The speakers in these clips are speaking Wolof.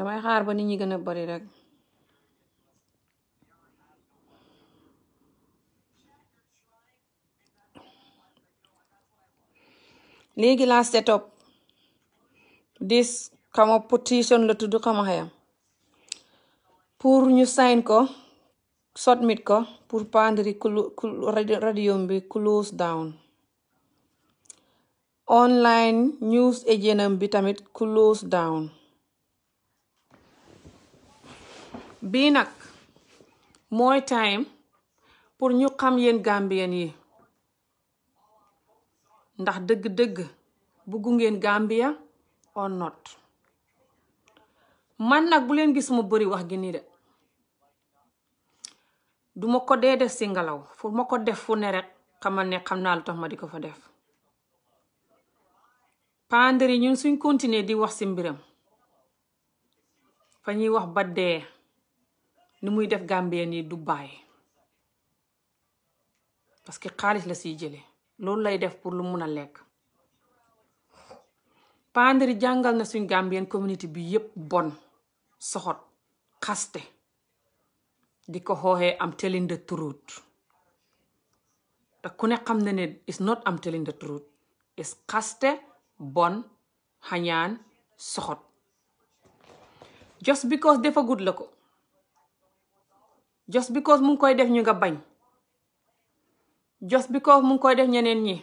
damay xaar ba ni ñi gën a bari rek léegi laa set up dis xama petition la tudd xama xayam pour ñu sign ko sotmit ko pour pandri radio bi close down online news agent bi tamit close down bii nag mooy time pour ñu xam yéen gambien yi ndax dëgg-dëgg buggu ngeen Gambia or man nag bu leen gis mu bëri wax gi nii de du ma ko dee def si ngelaw fu ma ko def fu ne rek xamal ne xam naa lu tax ma di ko fa def pandri ñun suñ continuer di wax si mbiram fa ñuy wax ba dee ni muy def gambien yi du baay parce que xaalis la siy jële loolu lay def pour lu mun a lekk pandri jàngal na suñ gambien community bi yëpp bon soxot xaste di ko xooxee am telling the truth te ku ne xam na ne is not am telling the truth is xaste bon xañaan soxot just because defagut la ko just because mu ngi koy def ñu nga bañ just because mu ngi koy def ñeneen ñi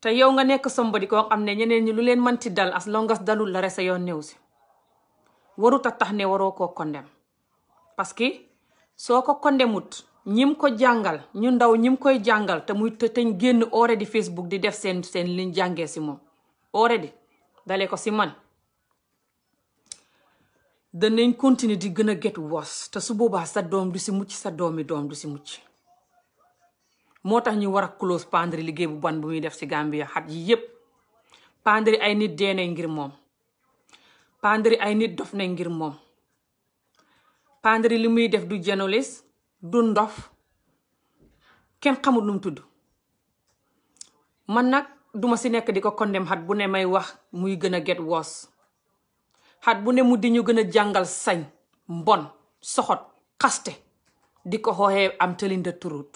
te yow nga nekk somebody koo xam ne ñeneen ñi lu leen mënti dal as long as dalul la rek yoon néew si warut a tax ne waroo koo kondem parce que soo ko kondemut ñim ko jàngal ñu ndaw ñim koy jàngal te muy teñ génn already Facebook di def seen li liñ jàngee si moom already dalee ko si man danañ continuer di gën a get worse te su boobaa sa doom du si mucc sa doomi doom du si mucc moo tax ñu wara a close pandri liggéey bu ban bu muy def si Gambia xat yi yépp pandri ay nit dee ngir moom pandri ay nit dof nañ ngir moom pandri li muy def du journaliste du ndof kenn xamul nu tudd man nag duma si nekk di ko condemn xat bu ne may wax muy gën a get worse xat bu ne mu di ñu gën a jàngal sañ mbon soxot xaste di ko xooxee am telin de turut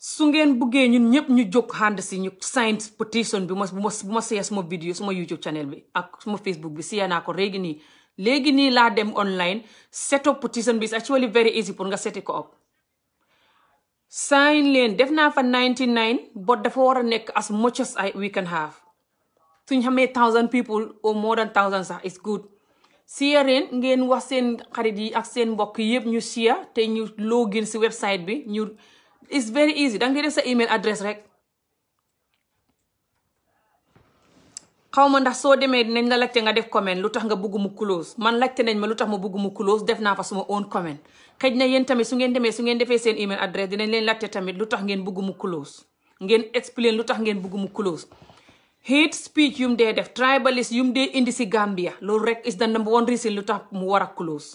su ngeen buggee ñun ñëpp ñu jóg ànd si ñu sign petition bi ma bu ma bu ma seeyee suma vidéo suma YouTube channel bi ak suma Facebook bi seeyee naa ko léegi nii léegi nii laa dem online set up petition bi it's actually very easy pour nga seti ko up. sign leen def naa fa 99 but dafa war a nekk as much as I we suñ xamee thousand people or more than thousand sax it's good siyareen ngeen wax seen xarit yi ak seen mbokk yëpp ñu siya te ñu login si website bi ñu it's very easy da nga def sa email adresse rek xaw ma ndax soo demee dinañ la laajte nga def comment lu tax nga bëgg close man laajte nañ ma lu tax ma bugumu mu close def naa fa suma own comment xëj na yéen tamit su ngeen demee su ngeen defee seen email adresse dinañ leen laajte tamit lu tax ngeen bëgg mu close ngeen lu tax ngeen bëgg mu hate speech yum dee def tribalist yum dee indi si Gambia loolu rek is the number one reason lu tax mu wara a close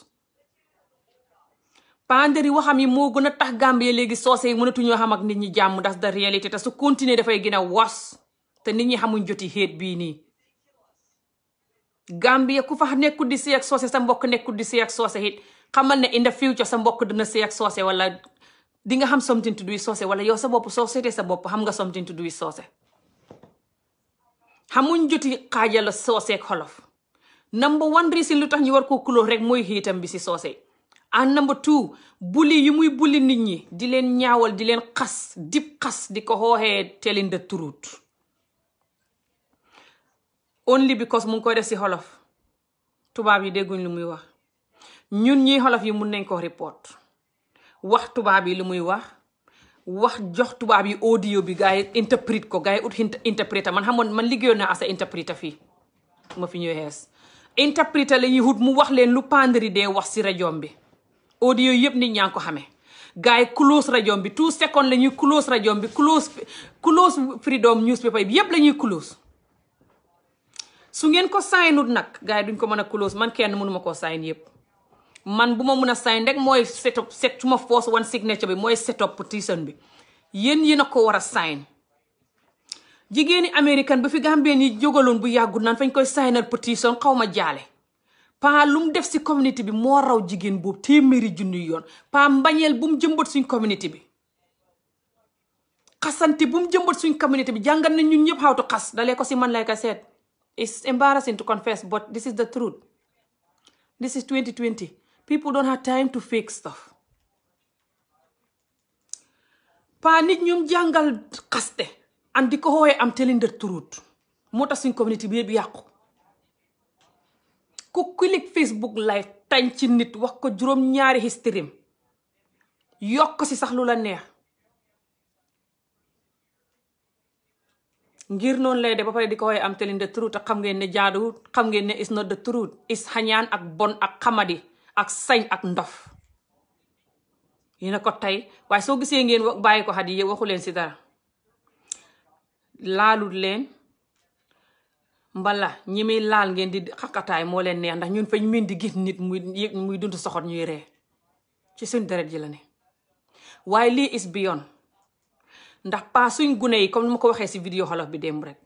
pandari waxam yi moo gën a tax Gambia léegi soose yi mënatuñoo xam ak nit ñi jàmm das da réalité ta su continuer dafay gën a was te nit ñi xamuñ joti hate bii nii Gambia ku fa nekku di si ak soose sa mbokk nekkul di si ak soose it xamal ne inda the future sa mbokk dina si ak soose wala di nga xam something to do with wala yow sa bopp soo seetee sa bopp xam nga something to do with soose amuñ joti xaajala sooseek xolof number one reason lu tax ñu war koo kuloo rek mooy xiitam bi si soosee and number two bulli yu muy bulli nit ñi di leen ñaawal di leen xas dib xas di ko xooxee telin the truth only because mu ngi koy def si xolof tubaab yi dégguñ lu muy wax ñun ñi xolof yi mun nañ ko report wax tubaab yi lu muy wax wax jox tubaab yi audio bi gars yi interprète ko gars yi ut interprète man xamoon man liggéeyoon naa asa interprète fii ma fi ñëwee xees interprète la ñuy ut mu wax leen lu pandri dee wax si rajoom bi audio yëpp nit ñaan ngi ko xamee gars yi close rajoom bi tout second la ñuy close rajoom bi close close freedom newspaper bi yëpp la ñuy close su ngeen ko saynut nag gars yi duñ ko mën a close man kenn mënuma ko sayn yëpp man bu ma mun a sign rek mooy set up set suma force one signature bi mooy set up petition bi yéen yéen a ko war a sign jigéeni américaine ba fi gambeen yi jógaloon bu yàggut naan fañ koy signal petition xaw ma jaale paa lu def si community bi moo raw jigéen boobu téeméeri junni yoon paa mbañeel bu mu jëmbat suñ community bi xasante bu mu jëmbat suñ community bi jàngat na ñun ñëpp xaw to xas dalee ko si man lay ka seet it's embarrassing to confess but this is the truth this is people don't have time to fake stuff pa nit ñum jàngal xaste and di ko xooyee am telling the truth moo tax suñ community bi yàqu ku click Facebook live tañ ci nit wax ko juróom-ñaari historim yokk si sax lu neex ngir noon lay de ba pare di ko wooye am telling the truth te xam ne jaaduwut xam ngeen ne is not the truth is ak bon ak xamadi ak sañ ak ndof yi na ko tey waaye soo gisee ngeen bàyyi ko xat yi waxu leen si dara laalut leen mbala ñi muy laal ngeen di xaqataay moo leen neex ndax ñun fañ miin di gis nit muy muy dund soxot ñuy ree ci suñ deret ji la ne waaye lii is beyond ndax pas suñ gune yi comme ma ko waxee si vidéo xolof bi démb rek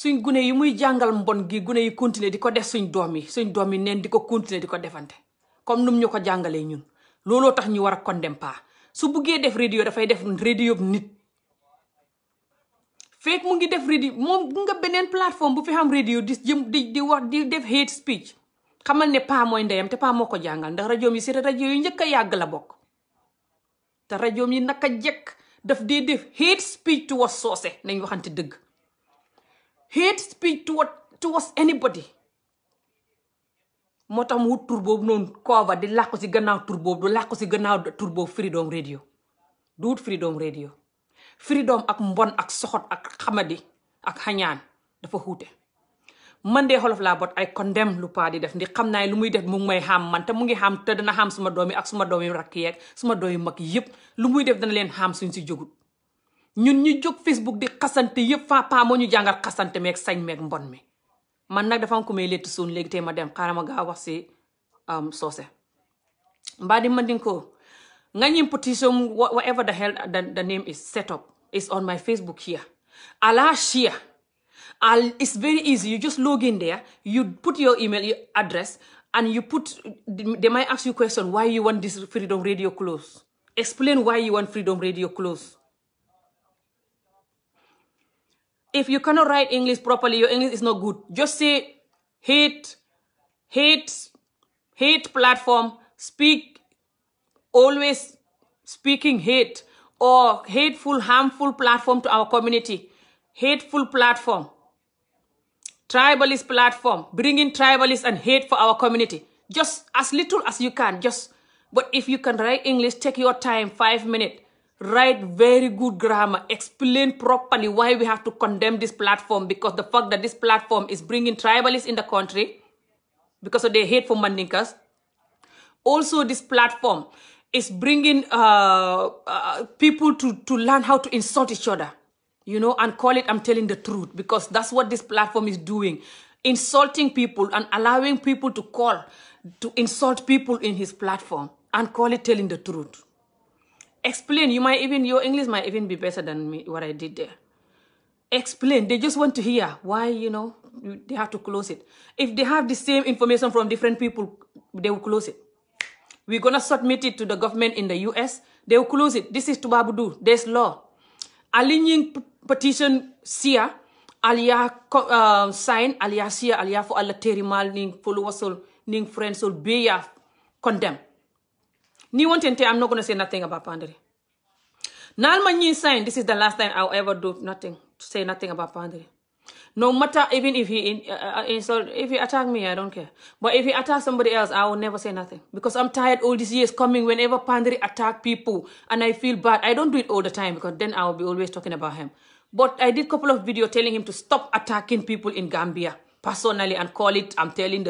suñ gune yi muy jàngal mbon gi gune yi continuer di ko def suñ doom yi suñ doom yi neen di ko continuer di ko defante comme num ñu ko jàngalee ñun looloo tax ñu war kon dem pas su buggee def radio dafay def radio nit fekk mu ngi def radio moom nga beneen plateform bu fi xam radio di jëm di di wax def hate speech xamal ne paa mooy ndeyam te paa moo ko jàngal ndax rajoom yi si rajo yi njëkk a yàgg la bokk te rajoom yi naka jekk daf dee def hate speech towards soose nañ waxante dëgg hate speech towards towards anybody moo tax mu wut tur boobu noonu kooba di làqu si gannaaw tur boobu du làqu si gannaaw tur boobu Freedom Radio du wut Freedom Radio Freedom ak mbon ak soxot ak xamadi ak xañaan dafa xuute man de xolof laa boot ay condemn lu paa di def ndi xam naa lu muy def mu ngi may xaam man te mu ngi xam te dana xam suma doom yi ak suma doom yi rakk yeeg suma doom yi mag yëpp lu muy def dana leen xam suñ si jógut ñun ñu jóg Facebook di xasante yëpp fa paa ñu jàngal xasante meeg sañ mbon mi man nag dafa am ku may léttu suun ma dem xaaral ma gaa wax si um, soose mbaa di mandin ko nga ñim petition whatever the name is set is on my facebook here ala shia I'll, it's very easy you just log in there you put your email your address and you put they might ask you question why you want this freedom radio close explain why you want freedom radio close if you cannot write English properly, your English is not good. Just say hate, hate, hate platform, speak, always speaking hate or hateful, harmful platform to our community. Hateful platform, tribalist platform, bringing tribalist and hate for our community. Just as little as you can, just, but if you can write English, take your time, five minutes write very good grammar, explain properly why we have to condemn this platform because the fact that this platform is bringing tribalists in the country because of their hate for Mandinkas. Also, this platform is bringing uh, uh, people to, to learn how to insult each other, you know, and call it I'm telling the truth because that's what this platform is doing. Insulting people and allowing people to call, to insult people in his platform and call it telling the truth. Explain. You might even, your English might even be better than what I did there. Explain. They just want to hear why, you know, they have to close it. If they have the same information from different people, they will close it. We're going to submit it to the government in the US. They will close it. This is Tubabudu. There's law. Aligning petition SIA, aliya uh, sign, aliya SIA, aliya for Allah terimal, ning follow us ning friends all, be condemn. Ni wanting I'm not going to say nothing about pandering. Nalman Yin sign, this is the last time I'll nothing, say if he uh, uh, uh me, I don't care. But if he attack somebody I will never nothing. Because I'm tired all these years coming whenever Pandri attack people and I feel bad. I don't do it all the time because then I always talking about him. But I did couple of video telling him to stop attacking people in Gambia personally and call it, I'm telling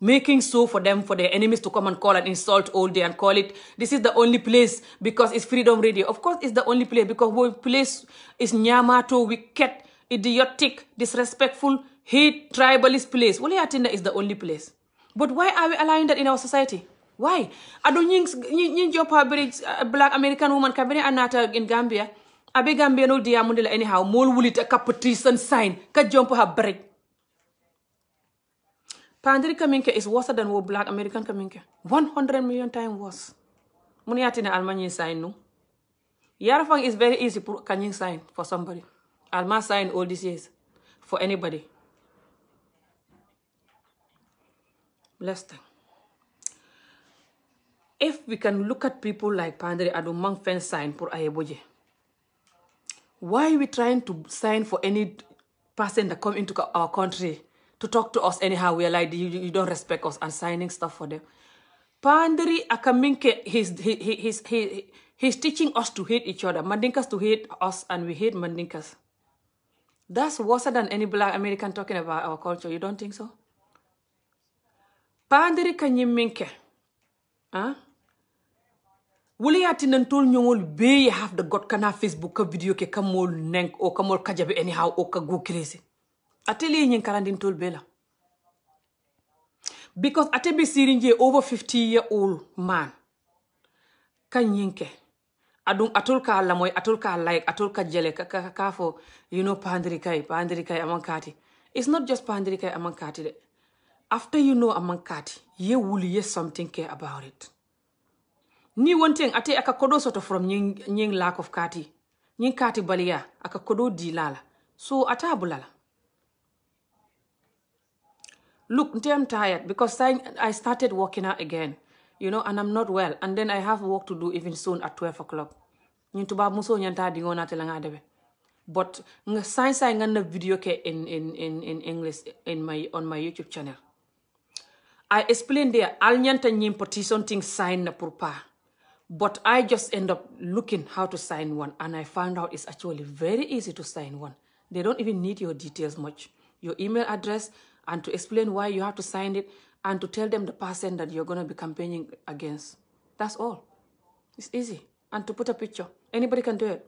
making so for them for their enemies to come and call and insult all day and call this is the only place because it's Freedom Radio of course it's the only place because place is nyamato wicked idiotic disrespectful hate tribalist place wala yatinda is the only place but why are we allowing that in our society why ado ñi ñi job haberi uh, black American woman kabene anata in Gambia abe Gambia no dia mundela anyhow mol wulit a kapatri Pandiri Kaminke is worse than what black American Kaminke. 100 million times worse. Muniati na Almanya sign no. Yarafang is very easy for Kanyin sign for somebody. Alma sign all these years for anybody. Less than. If we can look at people like Pandiri Adumang Fen sign for Ayeboje, why we trying to sign for any person that come into our country to talk to us anyhow. We are you, don't respect us and signing stuff for them. Pandiri Akaminke, he's, he, teaching us to hate each other. Mandinkas to hate us and we hate Mandinkas. That's worse than any black American talking about our culture. You don't think so? Pandiri Kanyiminke. Huh? wuliyati nan tol ñongol be you the god kana facebook ka video ke kamol nenk o kamol kajabe anyhow o ka go atele nyin karandin tol bela because atebe sirinje over year old man kan yinke adun atol ka lamoy atol ka like atol ka jele ka ka, ka fo you know pandri kai pandri kai amankati it's not just pandri kai amankati de after you know amankati ye wuli ye something care about it ni wonten ate aka kodo soto from nyin lack of kati nyin kati baliya aka kodo dilala so ata bulala look I'm tired because I, I started working out again you know and I'm not well and then I have work to do even soon at 12 o'clock ñun tubaab musoo ñanta dingoo naate la debe but nga saay saay na video ke in in English in my YouTube channel I explained there al ñanta ñim petition thing sign na pour pas but I just end up looking how to sign one and I found out it's actually very easy to sign one they don't even need your details much your email address and to explain why you have to sign it and to tell them the person that you're going to be campaigning against. That's all. It's easy. And to put a picture. Anybody can do it.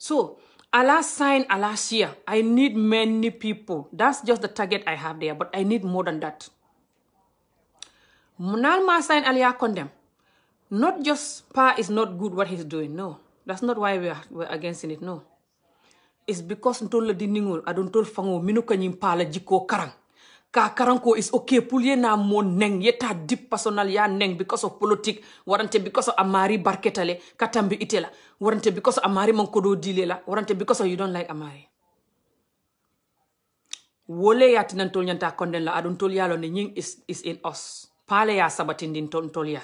So, Allah sign, Allah share. I need many people. That's just the target I have there, but I need more than that. Nalma sign Aliyah condemn. Not just Pa is not good what he's doing. No, that's not why we are, we're it. No. It's because ntol la di ningol adon tol fango ka karanko is okay pul ye na mo neng ye ta deep personal ya neng because of politique warante because of amari barketale katambi itela warante because amari man warante because of you don't like amari wole ya tinan tol nyanta konden la adon tol yalo ne nying is in us pale ya sabatin din tol ya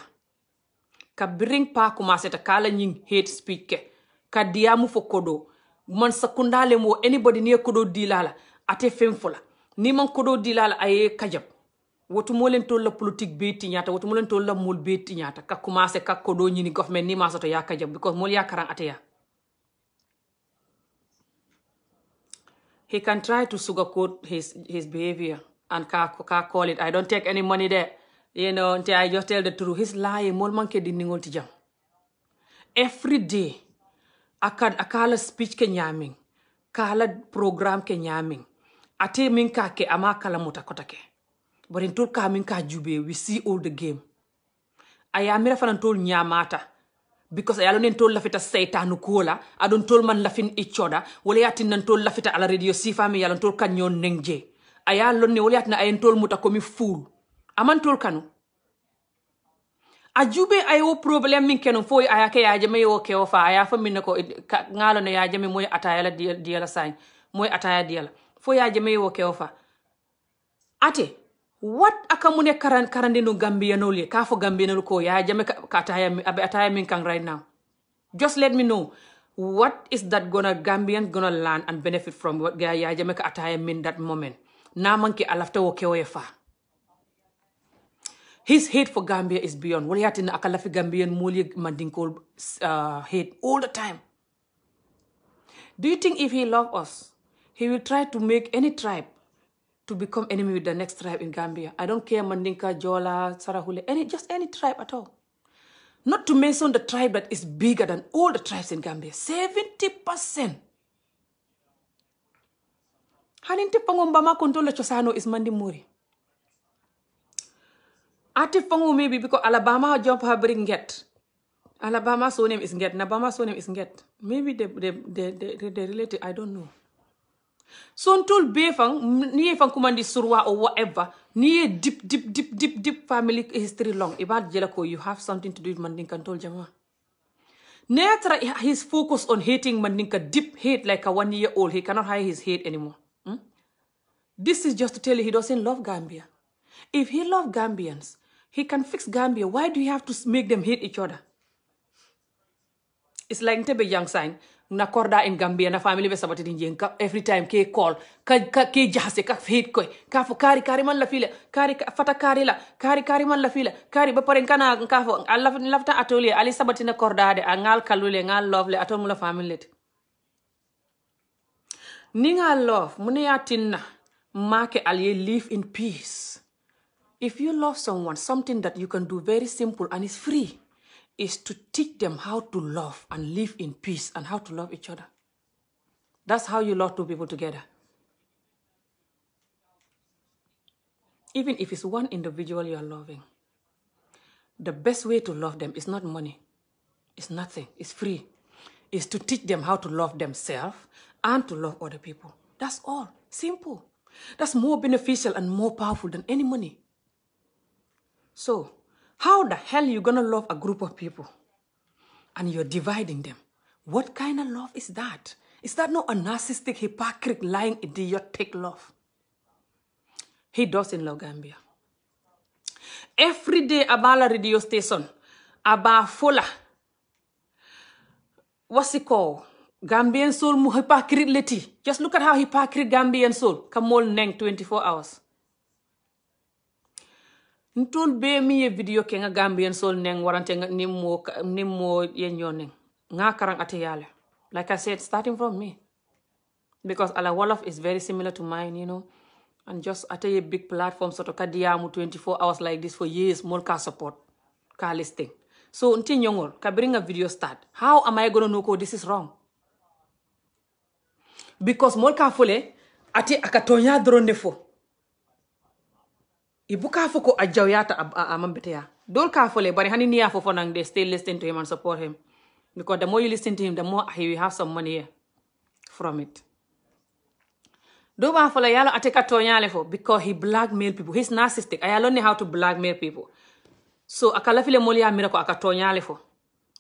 ka bring pa commencer kala nying hate speech ka diamu fo kodo man sakundale mo anybody ne kodo dilala ate femfola ni mankoɗo dilal aye kajab wotumo len tolla politique be tiñata wotumo len tolla mol be tiñata ka commencé kakko ɗo ñini government ni masoto ya kajab because mol ya karan ateya he can try to sugarcoat his, his behavior and ka, ka call it i don't take any money there ti jam every day akad speech ke ñamin kala programme ke ñamin ate min ka ke ama kala muta kota ke tol ka min ka jube we see all the game aya mira fana tol nyamata because aya lonen tol lafita seytanu kuola adon tol man lafin iccoda wala yatin nan tol lafita ala radio sifa mi yalon tol kan yon nengje aya lonne wala yatin ayen tol muta komi fool aman tol kanu a jube wo problème min kenon fo aya ke yajame yo kewo fa aya fa minne ko ngalo ne yajame moy moy ataya diyala fo yajeme wo kewo fa ate wat aka mune karan karande ye ka fo gambiyanol ko yajeme ka ataya, kan right now just let me know what is that gonna gambian gonna learn and benefit from what ga ka ataya that moment na manke alafta wo ye fa his hate for Gambia is beyond wala yaati na akalafi Gambian muli mandinkool uh, hate all the time he will try to make any tribe to become enemy with the next tribe in Gambia. I don't care Mandinka, Jola, Sarahule, just any tribe at Not to mention the tribe that is bigger than all the tribes in Gambia. 70%. Hani ntipango mbama kontola chosano is Mandi Muri. Ati fangu maybe because Alabama jump her bring get. Alabama so is get. Alabama so is get. Maybe they related. I don't know. son tol be fan ni ye fan kumandi surwa or whatever ni ye deep deep deep deep deep family long i b'a ko you have something to do with mandinka tol jama ne ya tara his focus on hating mandinka deep hate like a one year old he cannot hide his hate anymore hmm? this is just to tell you he doesn't love gambia if he love gambians he can fix gambia why do you have to make them hate each other it's like ntebe young sign nakorda en gambia nafamili ɓe sabatiti jen ka every time ke call ka, ke jahase ka feet koye ka kaari kaari man lafila kaari fata kaari la kaari kaari man lafila kaari ba pare kana ka fo a lafta atelier ali sabatina kordade a ngal kallule ngal lofle aton mula famillete ni ngal lof muneya tinna make alye live in peace if you love someone something that you can do very simple and is free is to teach them how to love and live in peace and how to love each other. That's how you love two people together. Even if it's one individual you loving, the best way to love them is not money, it's nothing, it's free. Is teach them how to love themselves and to love other people. That's all. Simple. That's more beneficial and more powerful than any money. How the hell you gonna love a group of people and you're dividing them? What kind of love is that? Is that not a narcissistic, hypocrite, lying, idiotic love? He does in Low Gambia. Every day Abala radio station, Aba Fola, what's Gambian soul mu hypocrite leti. Just look at how hypocrite Gambian soul. Kamol Neng hours. ntol be mi video ke nga sol neng warante nga nimmo nimmo yen yo neng nga karang ate yale like i said starting from me because ala wolof is very similar to mine you and just ate ye big platform soto ka diamu 24 hours like this for years mol ka support ka listing so nti nyongol ka bring a video start how am i gonna this is wrong because mol ka fole ate akatonya drone fo i buka fo ko a jawyata a mambeteya don't kafole but hani niya fo fonang they stay listening to him and support him because the more you listen to him the more he will have some money here from it do ba fola yalo ateka toñale fo because he blackmail people he's narcissistic aya lonni how to blackmail people so aka lafile mol ya mira ko aka toñale fo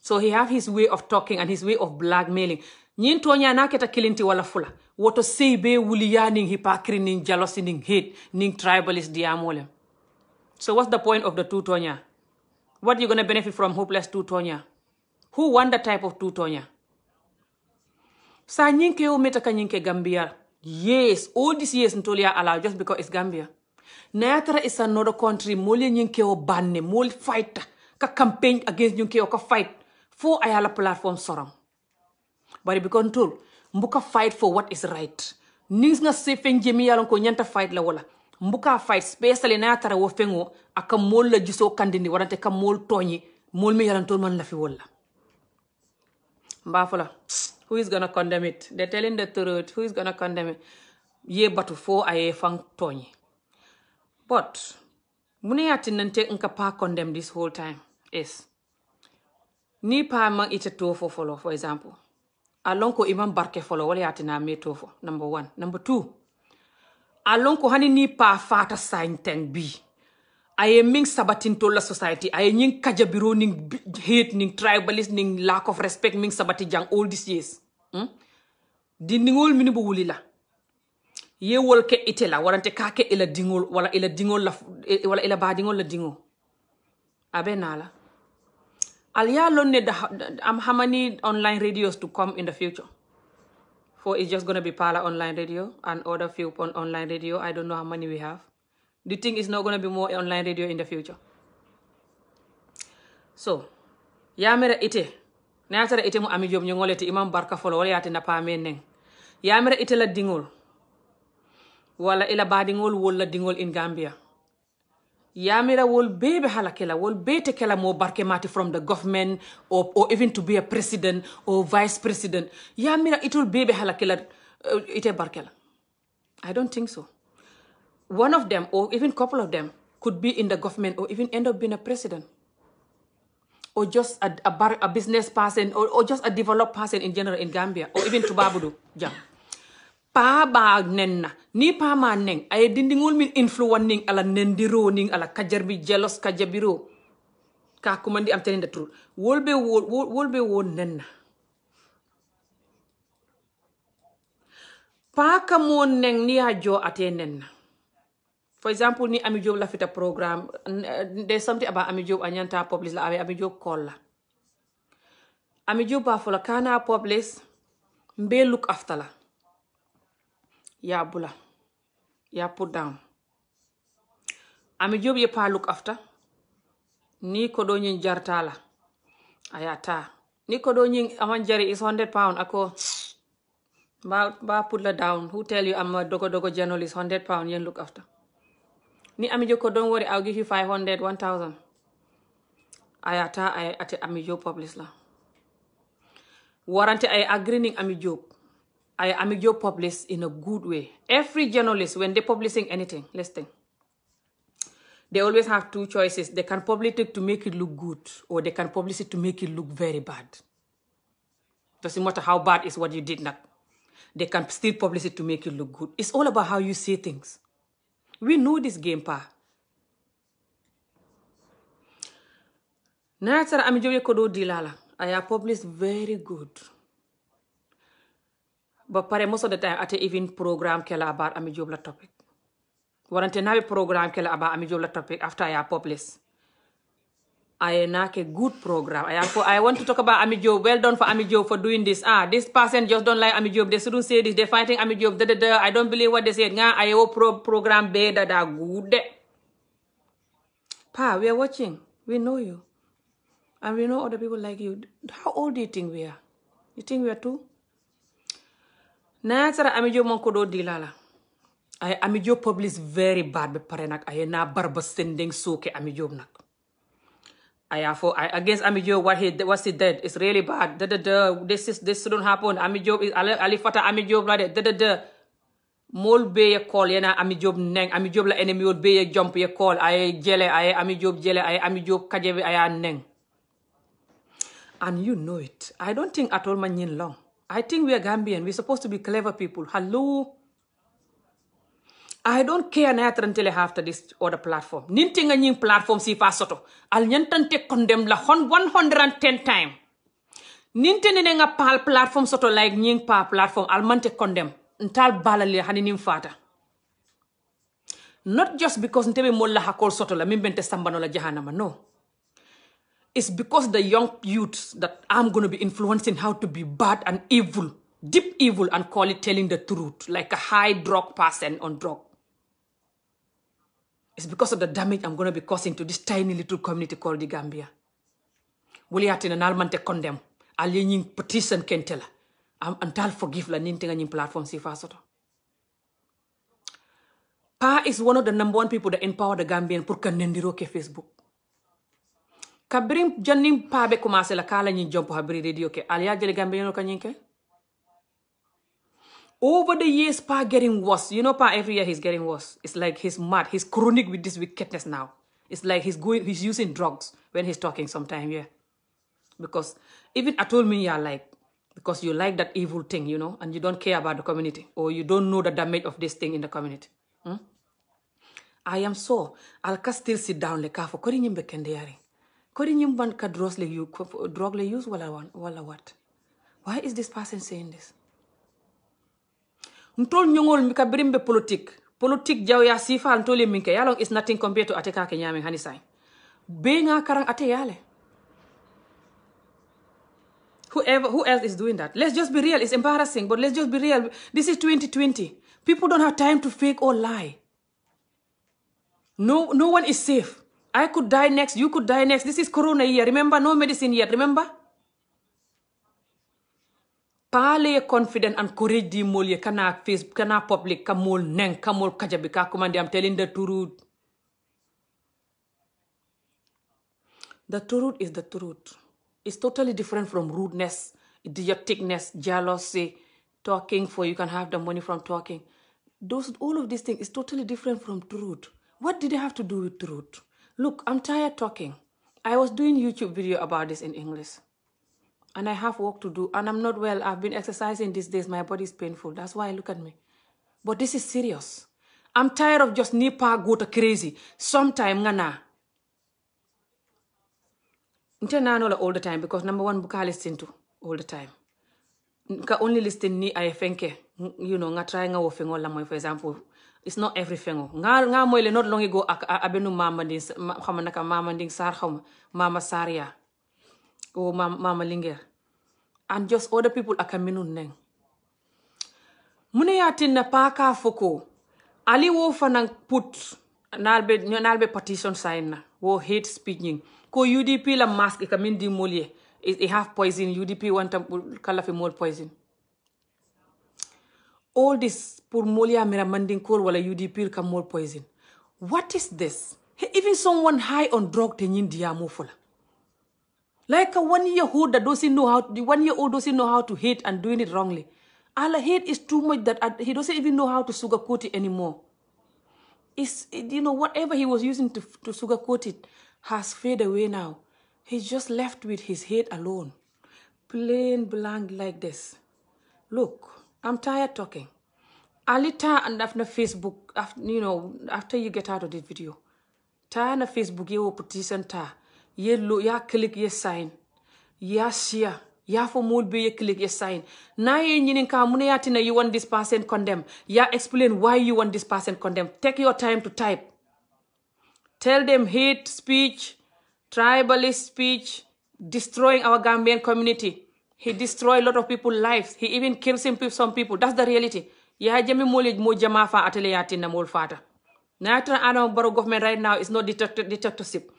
so he have his way of talking and his way of blackmailing ñin toña na keta kilinti wala fula woto sey be wuli ya ning hypocrisy ning jealousy ning hate ning tribalist diamolem So what's the point of the two-tonya? What Who want type of two-tonya? Sa nyinke o meta ka nyinke Gambia. Yes, all these years ntolia allow just because it's Gambia. Nayatra is another country mole nyinke o banne, mole fight ka campaign against nyinke o ka fight for ayala platform sorong. Bari because ntol mbuka fight for what is right. Nings nga sefe njemi yalon ko fight la wala. mbuka fight specially na tara wo fengo aka mol la kandindi warante ka mol toñi mol mi yaran tol man la fi wala mbafala who is gonna condemn it they telling the truth who is gonna condemn it batu fo aye fang toñi but mune yati nante nka pa condemn this whole time is ni pa man ite tofo folo for example alonko imam barke folo wala yati na me tofo number 1 number 2 alon ko hani ni pa fata sainten bi aye min sabatintolla society aye ñin kajabiro nin hate nin tribalist nin lack of respect min sabati jang all these years hmm? mini bo wuli la ke ite la warante ka ke ila diŋol wala ila diŋol la e- e- wala ila baadiŋol la diŋo hamani online radios to come in the future for it's just gonna be Parler online radio and other few on online radio. I don't know how many we have. The thing is not gonna be more online radio in the future. So yamere ite nayatara ite mu ami job ñongolete imam barka folo wala yate napa men ite la dingol wala ila badiŋol wol la diŋol in Gambia Yamira will be halakela, will be tekela mo barkemati from the government or, or even to be a president or vice president. Yamira, it will be halakela, uh, ite barkela. I don't think so. One of them or even couple of them could be in the government or even end up being a president or just a, business person or, just a developed person in general in Gambia or even Tubabudu. Yeah. paaba nen ni pama neng ay dindingol min influwaning ala nendiro ning ala kajarbi jealous kajabiro ka kumandi am tenen da wolbe wolbe wol nen na neng ni ya ate nen for example ni ami job programme there's something about ami job anyanta publish la ami job call la ami kana publish mbe look after you are bullied, you are put down. Ami job ye pa after. Ni kodo nyin jartala. Ayata. Ni kodo nyin aman jari is pound ako ba ba put la down. Who tell you I'm a dogo dogo journalist pound yen look after. Ni ami job ko don't worry I'll give you 500 1000. Ayata ay ate ami job publish I am your publish in a good way. Every journalist, when they're publishing anything, listen, they always have two choices. They can publish it to make it look good, or they can publish it to make it look very bad. Doesn't matter how bad is what you did now. They can still publish it to make it look good. It's all about how you see things. We know this game, pa. Naatara Amie Jobe Kodoo Dilala, I very good. but pare most of the time ate even program kela about amijobla topic warante naɓe program kela about amijobla topic after ya publish I enact a good program. I, for, I want to talk about Ami Jobe. Well done for Ami Jobe for doing this. Ah, this person just don't like Ami Jobe. They shouldn't say this. They're fighting Ami Jobe. Da, da, I don't believe what they said. Nga, I will pro be that are good. Pa, we are watching. We know natara ami jo ko ɗo dilala ay ami jo very bad ɓe pare nak aye na barba sendeng suuke ami job nak aya against ami job he what he really bad da da da this is happen ami job is la de da da mool bee ye kool yena ami job neng ami la enemy yoot ye jomp ye kool aye jele aye ami job aya neng and you know it i don't think at all ma ñin long I think we are Gambian. We're supposed to be clever people. Hello. I don't care neither until I have to this other platform. Ninting a new platform si fasoto. Al nyantante condemn la hon 110 time. Nintene nga pal platform soto like nying pa platform al mante condemn. Ntal bala li hani nim fata. Not just because ntebe molla hakol soto la mimbente sambano la jahanama. No. It's because the young youths that I'm going to be influencing how to be bad and evil, deep evil, and call it telling the truth, like a high drug person on drug. It's because of the damage I'm going to be causing to this tiny little community called the Gambia. Wuliatina nalmante condemn. Ali nying petition kentela. Antal forgive la nintinga nying platform si fasoto. Pa is one of the number one people that empower the Gambian pour que nendiro kabrin jannin paɓe commencé la kala ñin jompo habri radio ke aliya jeli gambe yeno kañin ke over the years pa getting worse you know pa every year he's getting worse it's like he's mad he's chronic with this wickedness now it's like he's going using drugs when he's talking sometime yeah because even at all me you're like because you like that evil thing you know and you don't care about the community or you don't know the damage Couldn't you ban drugs like you use wala wala Why is this person saying this? Ntol nyongol mika birimbe politique. Politique jaw ya sifa ntole minke yalong is nothing compared to ateka ke nyame hani sai. Be nga karang ate yale. Whoever who else is doing that? Let's just be real. It's embarrassing, but let's just be real. This is People don't have time to fake or lie. no one is safe. I could die next this is corona year remember no medicine yet remember paale confident and courage di mool ye kana face kana public ka mool neng ka mool kajabi ka commande am telling the truth the truth is totally different from rudeness idioticness jealousy talking for you can have the money from talking those all of these things is totally different from truth what did they have to do with truth Look, I'm tired talking. I was doing YouTube video about this in English. And I have work to do and I'm not well. I've been exercising these days. My body's painful. That's why look at me. But this is serious. I'm tired of just nipa go to crazy. Sometime nga naa. Nte naanola all the time because number one buka listen to all the time. Nka only listen ni aye fenke. nga try nga wo fengo la moy for example it's not everything o nga nga moyle not long ago ak abenu mama nding xama naka mama sar xawma o mama, linger and just other people aka minun mune yatin na foko ali wo fanan put nalbe nalbe petition sign na wo hate speech ko udp la mask e ka min di molie e, e have poison udp wanta kala fi mol poison all this pour molia mira mandinkor wala UDP poison what is this even someone high on drug te nyin dia mo like one year old that doesn't know know how to hate and doing it wrongly Allah hate is too much that he doesn't even know how to sugarcoat it anymore it's you know whatever he was using to, to sugarcoat it has faded away now he's just left with his hate alone plain blank like this look I'm tired talking. Alita and after Facebook, after, you know, after this video, tired na Facebook ye wo petition ye lo, ya click ye sign, ya share, ya for mood ye click ye sign. Na ye nyinin ka mune ya tina you want this person condemn. Ya explain why you want this person condemn. Take your time to type. Tell them hate speech, tribalist speech, destroying our Gambian community. he destroy lot of people lives he even kill some people that's the reality yaha jami mo jama fa atele ya tinna mol fata nayatan adama baro government right now is not dictatorship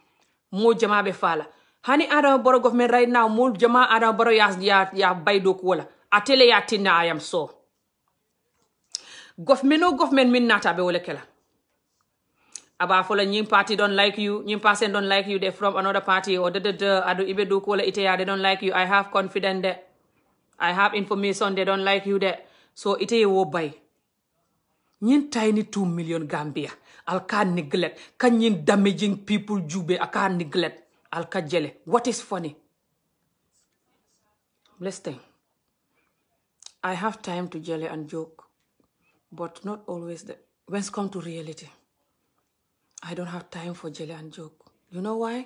mo jama be fala hani adama baro government right now mo jama adama baro ya ya, ya baydo atele ya tinna ayam so government no government min nata be wala kala aba fola ñin party don't like you ñin person don't like you they from another party or oh, da da da adu ibe du kola iteya they don't like you i have confidence de i have information they don't like you de so iteye wo bay ñin tiny two million gambia alka neglect ka ñin damaging people jube aka neglect alka jele what is funny listen i have time to jele and joke but not always the when come to reality I don't have time for jelly and joke. You know why?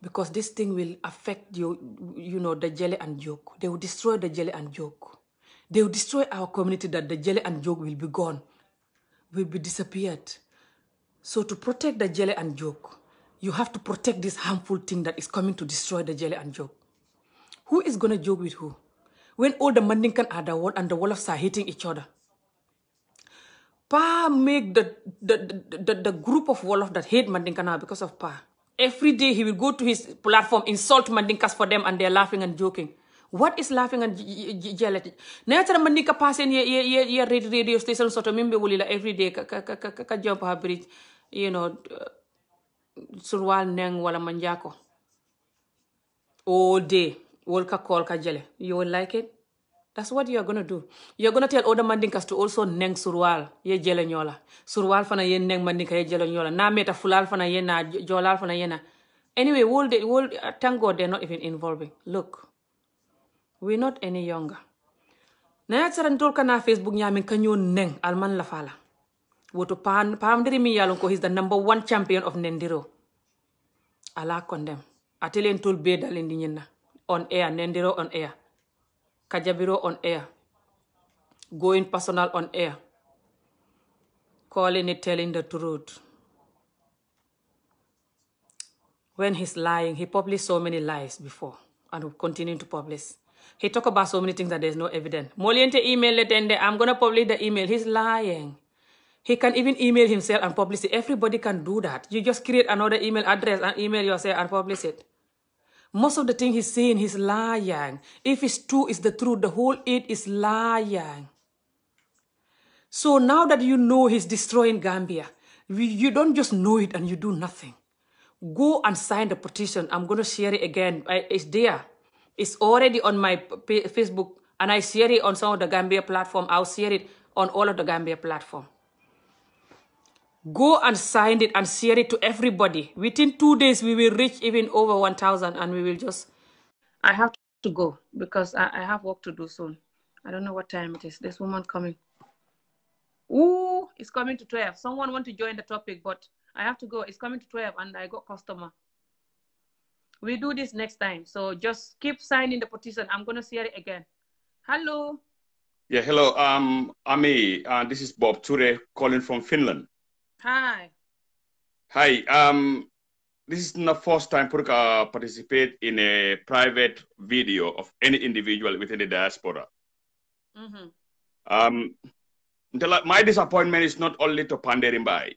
Because this thing will affect you, you know, the jelly and joke. They will destroy the jelly and joke. They will destroy our community that the jelly and joke will be gone, will be disappeared. So to protect the jelly and joke, you have to protect this harmful thing that is coming to destroy the jelly and joke. Who is going to joke with who? When all the Mandinkan are the world and the wall of are hitting each other. Pa make the, the, the, the group of Wolof that hate Mandinka now because of Pa. Every day he will go to his platform, insult Mandinkas for them, and they're laughing and joking. What is laughing and jealousy? Nayatara Mandinka passing ye ye radio station sort of mimbe wulila every day ka jump her bridge, you know, uh, surwal wala manjako. All day, wol ka call ka jele. You will like it? That's what you are gonna do. You're gonna tell other Mandinkas to also neng surwal ye jele nyola. Surwal fana ye neng Mandinka ye jele nyola. Na meta fulal fana ye na jolal fana ye na. Anyway, we'll, uh, thank God they're not even involving. Look, we're not any younger. Na ya tsaran tol kana Facebook nyamin kanyo neng alman la fala. Woto pan diri mi yalon ko he's the number one champion of Nendiro. Allah condemn. Atelen tol be dalen di nyina. Kajabiro on air, going personal on air, calling it telling the truth. When he's lying, he published so many lies before and will to publish. He talked about so many things that there's no evidence. Moliente email letende, uh, I'm going to publish the email. He's lying. He can even email himself and publish Everybody can do that. You just create another email address and email yourself and publish Most of the thing he's saying, he's lying. If it's true, it's the truth. The whole eight is lying. So now that you know he's destroying Gambia, you don't just know it and you do nothing. Go and sign the petition. I'm going to share it again. It's there. already on my Facebook and I share it on some of the Gambia platform. I'll share it on all of the Gambia platform. Go and sign it and share it to everybody. Within two days, we will reach even over 1,000 and we will just. I have to go because I, have work to do soon. I don't know what time it is. This woman coming. Ooh, it's coming to 12. Someone want to join the topic, but I have to go. It's coming to 12 and I got customer. We do this next time. So just keep signing the petition. I'm going to share it again. Hello. Yeah, hello. Um, uh, this is Bob Ture calling Hi. Hi. Um, this is the first time Purka participate in a private video of any individual within the diaspora. Mm -hmm. Um, my disappointment is not only to Panderimbai.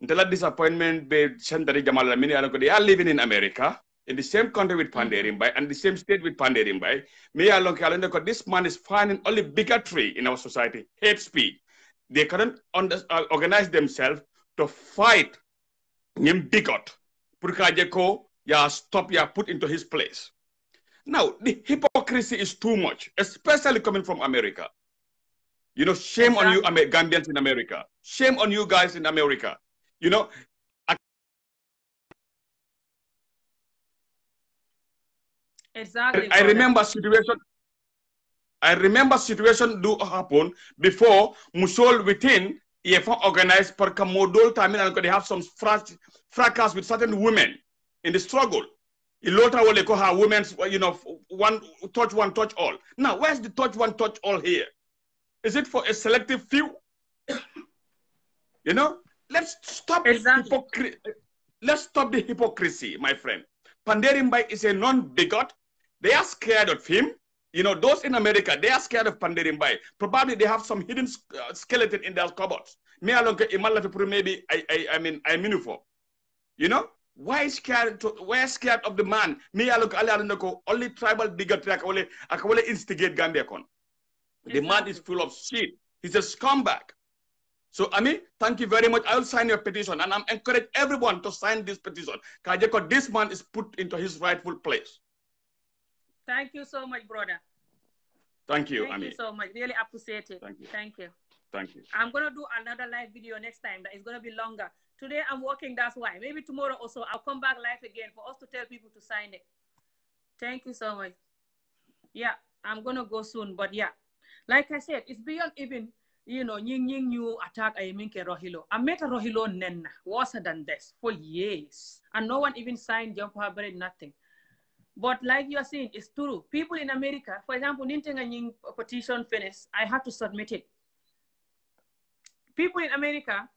The disappointment by Chandari Jamal Lamini, they are living in America, in the same country with mm-hmm. Panderimbai, and the same state with Panderimbai. Me along this man is finding only bigotry in our society, hate speech. They couldn't under, uh, organize themselves to fight Nim Bigot. Purkajeko, ya stop, ya put into his place. Now, the hypocrisy is too much, especially coming from America. You know, shame on you, Gambians in America. Shame on you guys in America. You know, I remember situation. I remember situation do happen before Mushol within EFA organized per Kamodol Tamil and they have some fracas with certain women in the struggle. Ilota will call her women's, you know, one touch one, touch all. Now, where's the touch one, touch all here? Is it for a selective few? you know, let's stop exactly. Let's stop the hypocrisy, my friend. Panderimbai is a non-bigot. They are scared of him. You know, those in America, they are scared of Panderimbai. Probably they have some hidden uh, skeleton in their cupboards. Me along maybe I, I, I mean, I'm uniform. You know? Why scared of the man? Me along only tribal bigotry akawale akawale instigate Gambia kon. The man is full of shit. He's a scumbag. So, I mean, thank you very much. I'll sign your petition, and I'm encourage everyone to sign this petition. Because this man Thank you, so much. Really appreciate it. Thank you. Thank you. I'm going to do another live video next time that is going to be longer. Today I'm working, that's why. Maybe tomorrow also I'll come back live again for us to tell people to sign it. Thank you so much. Yeah, I'm going to go soon, but yeah. Like I said, it's beyond even, you know, nying nying you attack I Ayeminke Rohilo. I met a Rohilo Nenna, worse than this, for years. And no one even signed Jump Harbour, nothing. But like you are saying, it's true. People in America, for example, Nintenga petition finish, I had to submit it. People in America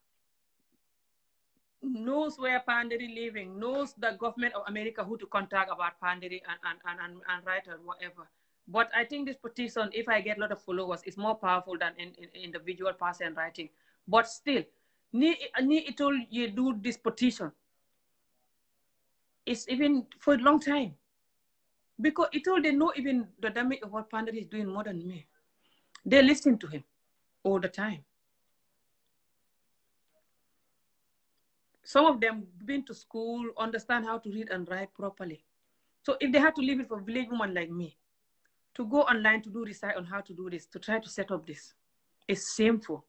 knows where Pandiri living, knows the government of America who to contact about Pandiri and, and, whatever. But I think this petition, if I get a lot of followers, is more powerful than individual person writing. But still, ni ni you do this petition. It's even for a long time because he told them no even the damage of what is doing more than me. They listen to him all the time. Some of them been to school, understand how to read and write properly. So if they had to leave it for village woman like me to go online to do research on how to do this, to try to set up this, it's shameful.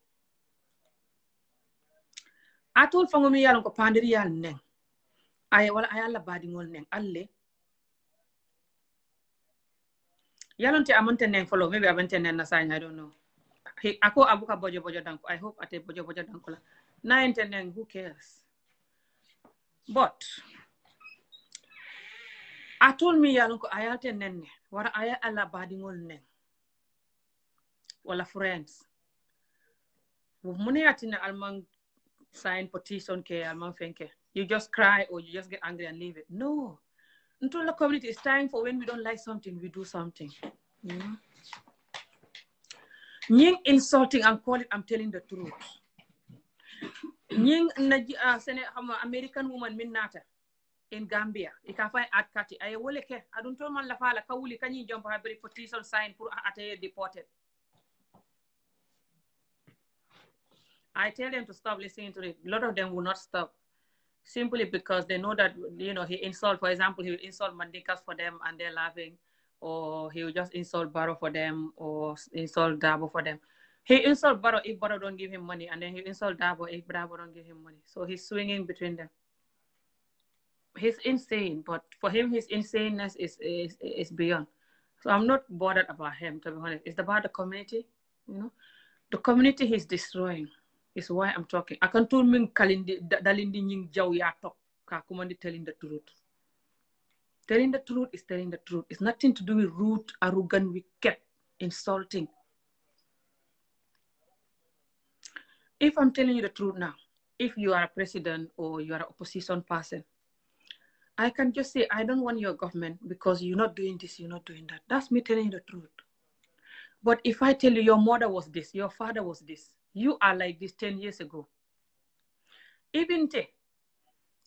atul fango mi yalon ko pandiri yal neng ay wala ay alla badi neng yalonte amonten follow maybe amonten nen nasanya i don't know he ako abuka bojo bojo danko i hope ate bojo bojo danko la who cares but atul mi yalonko ayalte nenne wara aya ala wala friends mune atina alman sign petition ke alman fenke you just cry or you just get angry and leave it no until the community is time for when we don't like something, we do something. Mm. Nying insulting and calling, I'm telling the truth. Nying uh, American woman minnata in Gambia. I can find at Kati. I will ke. I don't tell man la fala kawuli kanyi jump her petition sign for atay deported. I tell them to stop listening to it. A lot of them will not stop. simply because they know that you know he insult for example he will insult mandikas for them and they're laughing or he will just insult Barrow for them or insult Dabo for them. He insult Barrow if Barrow don't give him money, and then he insult Dabo if Dabo don't give him money. So he's swinging between them. He's insane, but for him, his insaneness is beyond. So I'm not bothered about him, to be honest. It's the community, you know, the community he's is why I'm talking. Akan tu min kalindi dalindi nying jau ya top kakumandi telling the truth. Telling the truth is nothing to do with rude, arrogant, wicked, insulting. If I'm telling you the truth now, if you a president or you are opposition person, I can just say, I don't want your government because you're not doing this, you're not doing that. That's me telling you the truth. But if I tell you your mother was this, your father was this, you are like this 10 years ago. Even te,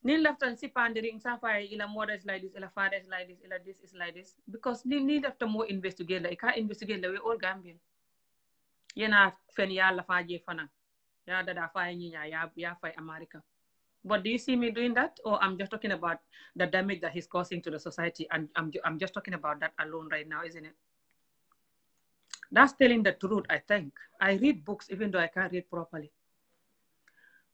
nin laftan si pandering sa fire ila mother is like this, ila father is like this, is like this. Because nin nin laftan mo investigate la, ika investigate la, we all Gambian. Yena fen ya la faje fana. Ya dada fire nyinya, ya, ya America. But do see me doing that? Or I'm just talking about the damage that he's causing to the society. I'm just talking about that alone right now, isn't it? That's telling the truth, I think. I read books even though I can't read properly.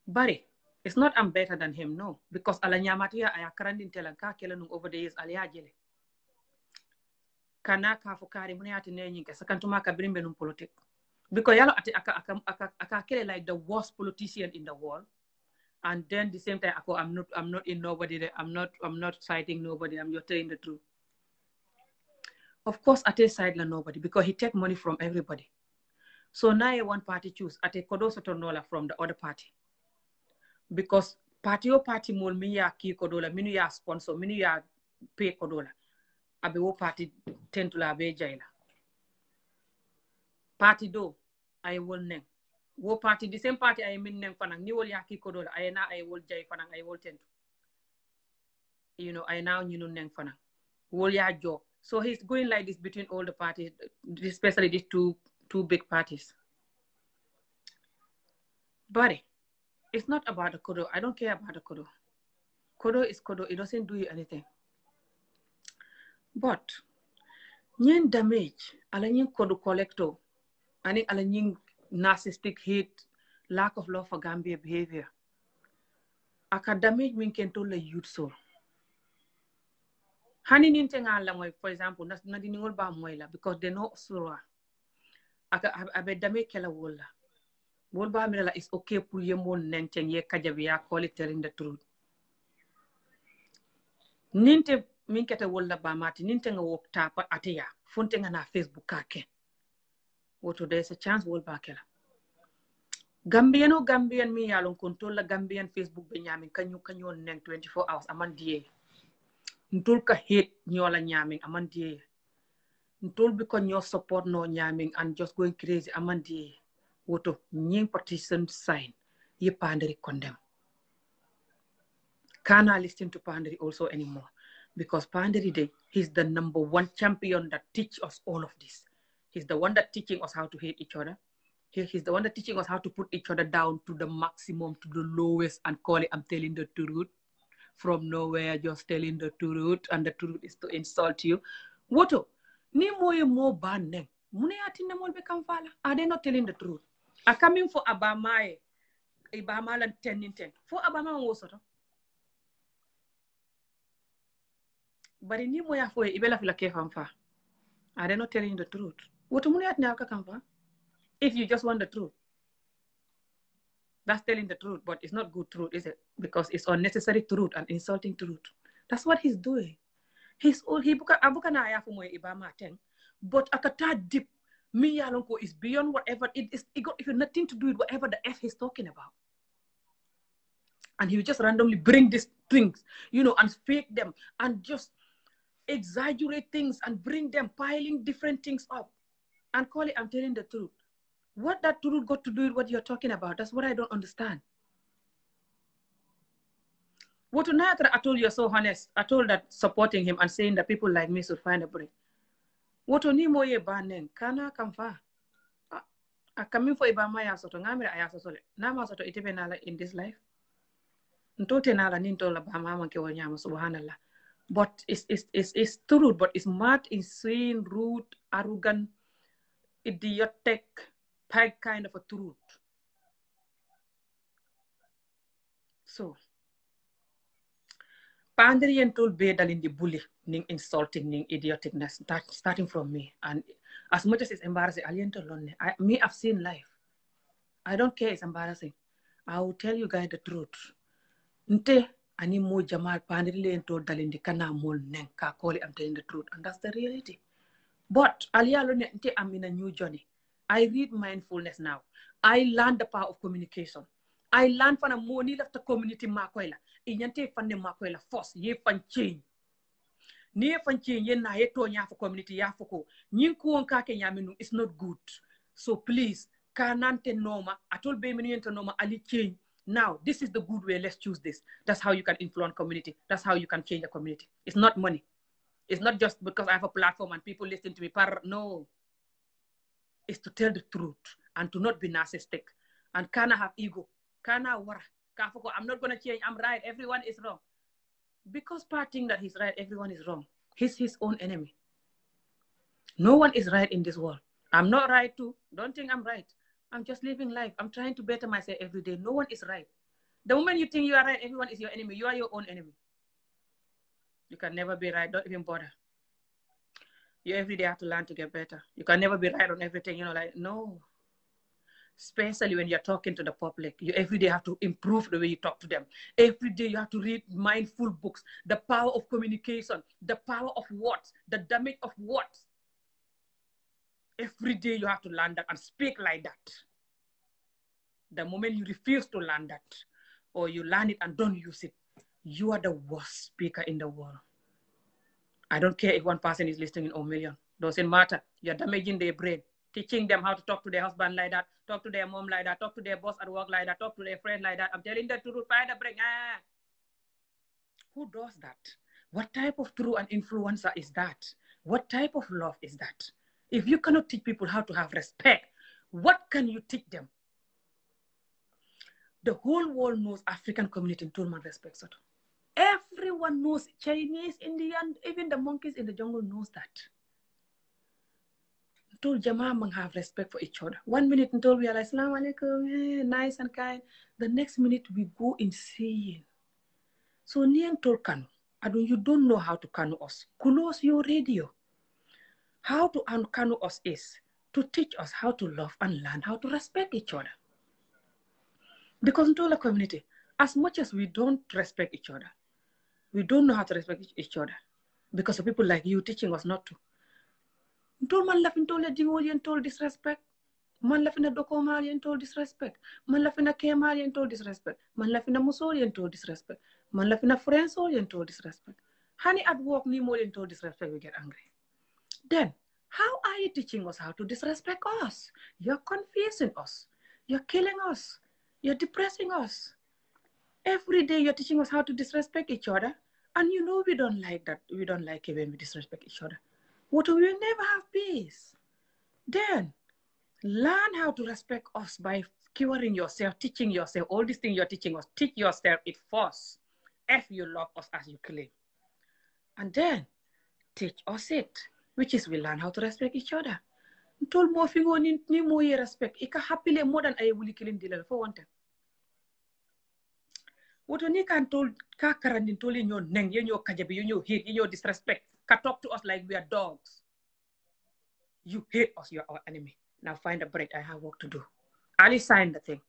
Barry, it's not I'm better than him, no. Because alanyamatia ayakarandin telanka kelanung over the years aliajele. Kana kafukari mune ati nenyinke sakantuma kabirimbe num politic. Because yalo ati akakele like the worst politician in the world. And then the same time, I'm I'm not in nobody, I'm I'm not citing nobody, I'm telling the truth. of course ate side la nobody because he take money from everybody so naye one party choose ate kodosotonola from the other party because party o party mol min ya ki kodola minu ya sponsor minu ya pay kodola abe wo party tentula abe jaila party do ay wol neng wo party the same party ay min neng fanak ni wol ya ki kodola ay na ay wol jay fanak ay wol tentu you know ay na ñu neng fanak wol ya job So he's going like this between all the parties, especially these two two big parties. But it's not about the Kodo. I don't care about the Kodo. Kodo is Kodo. It doesn't do you anything. But nyin damage ala nyin Kodo collector and ala nyin narcissistic hate, lack of love for Gambia behavior. Aka damage min kento la youth soul. hani nin tenga la moy for example na na diningol ba moy la because they know sura abe dame kela wola wol ba mi la is okay pour ye mon nenten ye kajabi ya kole telling the truth ninte min kete wolla ba mati ninte nga wok tapa ateya funte nga na facebook kake woto there is a chance wol ba kela gambian o oh, gambian mi yalon kon tolla facebook be nyamin kanyo kanyo nen 24 hours aman die ntol ka hate nyola nyaming amandie ntol biko nyo support noo nyaming and just going crazy amandie woto nying partisan sign ye pandari condemn can I listen to Pandari also anymore because Pandari Day, he's the number one champion that teach us all of this. He's the one that teaching us how to hate each other. He, he's the one that teaching us how to put each other down to the maximum, to the lowest, and call it, telling from nowhere just telling the truth and the truth is to insult you woto ni moye mo bannen mune yatinne mol ɓe fala are not telling the truth a fo a bamaye e bamalan fo a wosoto bari ni moya fo e ɓe lafila kefan fa are not telling the truth woto mune yatine alka kam fa if you just want the truth That's telling the truth, but it's not good truth, is it? Because it's unnecessary truth and insulting truth. That's what he's doing. He's all he buka abuka na ayafu moye ibama ten, but akata deep me yalonko is beyond whatever it is. nothing to do with whatever the f he's talking about. And he will just randomly bring these things, you know, and fake them and just exaggerate things and bring them piling different things up and call it I'm telling the what that turut got to do with what you're talking about? That's what I don't understand. What Unayatra, I told you so honest. I told that supporting him and saying that people like me should find a break. What Onimoye Banen, Kana But it's, it's, it's, but it's mad, insane, rude, arrogant, idiotic, peg kind of a truth. So, Pandarian told Bedal in the bully, ning insulting, ning idioticness, that, starting from me. And as much as it's embarrassing, Alien told Lonely, I, me, seen life. I don't care, it's embarrassing. I will tell you guys the truth. Nte, ani mo jamal Pandarian told Dalindi, kana mol neng, ka koli, I'm telling the truth. And that's the reality. But, Alia Lonely, nte, I'm in a new journey. I read mindfulness now. I learned the power of communication. I learned fana mo ni lafta community makoyla. Inyante fanne makoyla force ye fan change. Ni ye fan change ye na ye to for community ya foko. Nyin ku on ka ke nyaminu it's not good. So please kanante noma atol be minu yente noma ali change. Now this is the good way. Let's choose this. That's how you can influence community. That's how you can change the community. It's not money. It's a Par no. is to tell the truth and to not be narcissistic and cannot have ego cannot wara kafuko i'm not going to change i'm right everyone is wrong because part think that he's right everyone is wrong he's his own enemy no one is right in this world i'm not right too don't think i'm right i'm just living life i'm trying to better myself every day no one is right the moment you think you right everyone is your enemy you your own enemy you can never you every day have to learn to get better. You can never be right on everything, you know, like, no. Especially when you're talking to the public, you every day have to improve the way you talk to them. Every day you have to read mindful books, the power of communication, the power of words, the damage of words. Every day you have to learn that and speak like that. The moment you refuse to learn that, or you learn it and don't use it, you are the worst speaker I don't care if one person is listening in a million. Doesn't matter. You're damaging their brain. Teaching them how to talk to their husband like that, talk to their mom like that, talk to their boss at work like that, talk to their friend like that. I'm telling the truth, find the brain. Ah. Who does that? What type of true and influencer is that? What type of love is that? If you cannot teach people how to have respect, what can you teach them? The whole world Everyone knows Chinese, Indian, even the monkeys in the jungle knows that. Until Jamaah have respect for each other. One minute until we are Salaam alaikum, eh, nice and kind. The next minute we go insane. So Niang told Kanu, Adun, you don't know how to Kanu us. Close your radio. How to Kanu us is to teach us how to love and learn how to respect each other. Because in Tola community, as much as we don't respect each other, we don't know how to respect each other because of people like you teaching us not to. Told man laughing, told a told disrespect. Man laughing at Dokomarian told disrespect. Man laughing at Kemarian told disrespect. Man laughing at Musorian told disrespect. Man laughing at Friends Orient told disrespect. Honey at work, me more disrespect, we get angry. Then, how are you teaching us how to disrespect us? You're confusing us. You're killing us. You're depressing And you know we don't like that. We don't like it when we disrespect each other. What we will never have peace. Then learn how to respect us by curing yourself, teaching yourself. All these things you're teaching us, teach yourself it first. If you love us as you claim. And then teach us it, which is we learn how to respect each other. Ntol mo fingo ni mo respect. Ika happily more than I will killing dealer for one time. woto ni kan tol ka karandin tol ye ñoo neng ye ñoo kajabi ye ñoo hate ye ñoo disrespect ka talk to us like we are dogs you hate us you enemy now find a break i have work to do ali signed the thing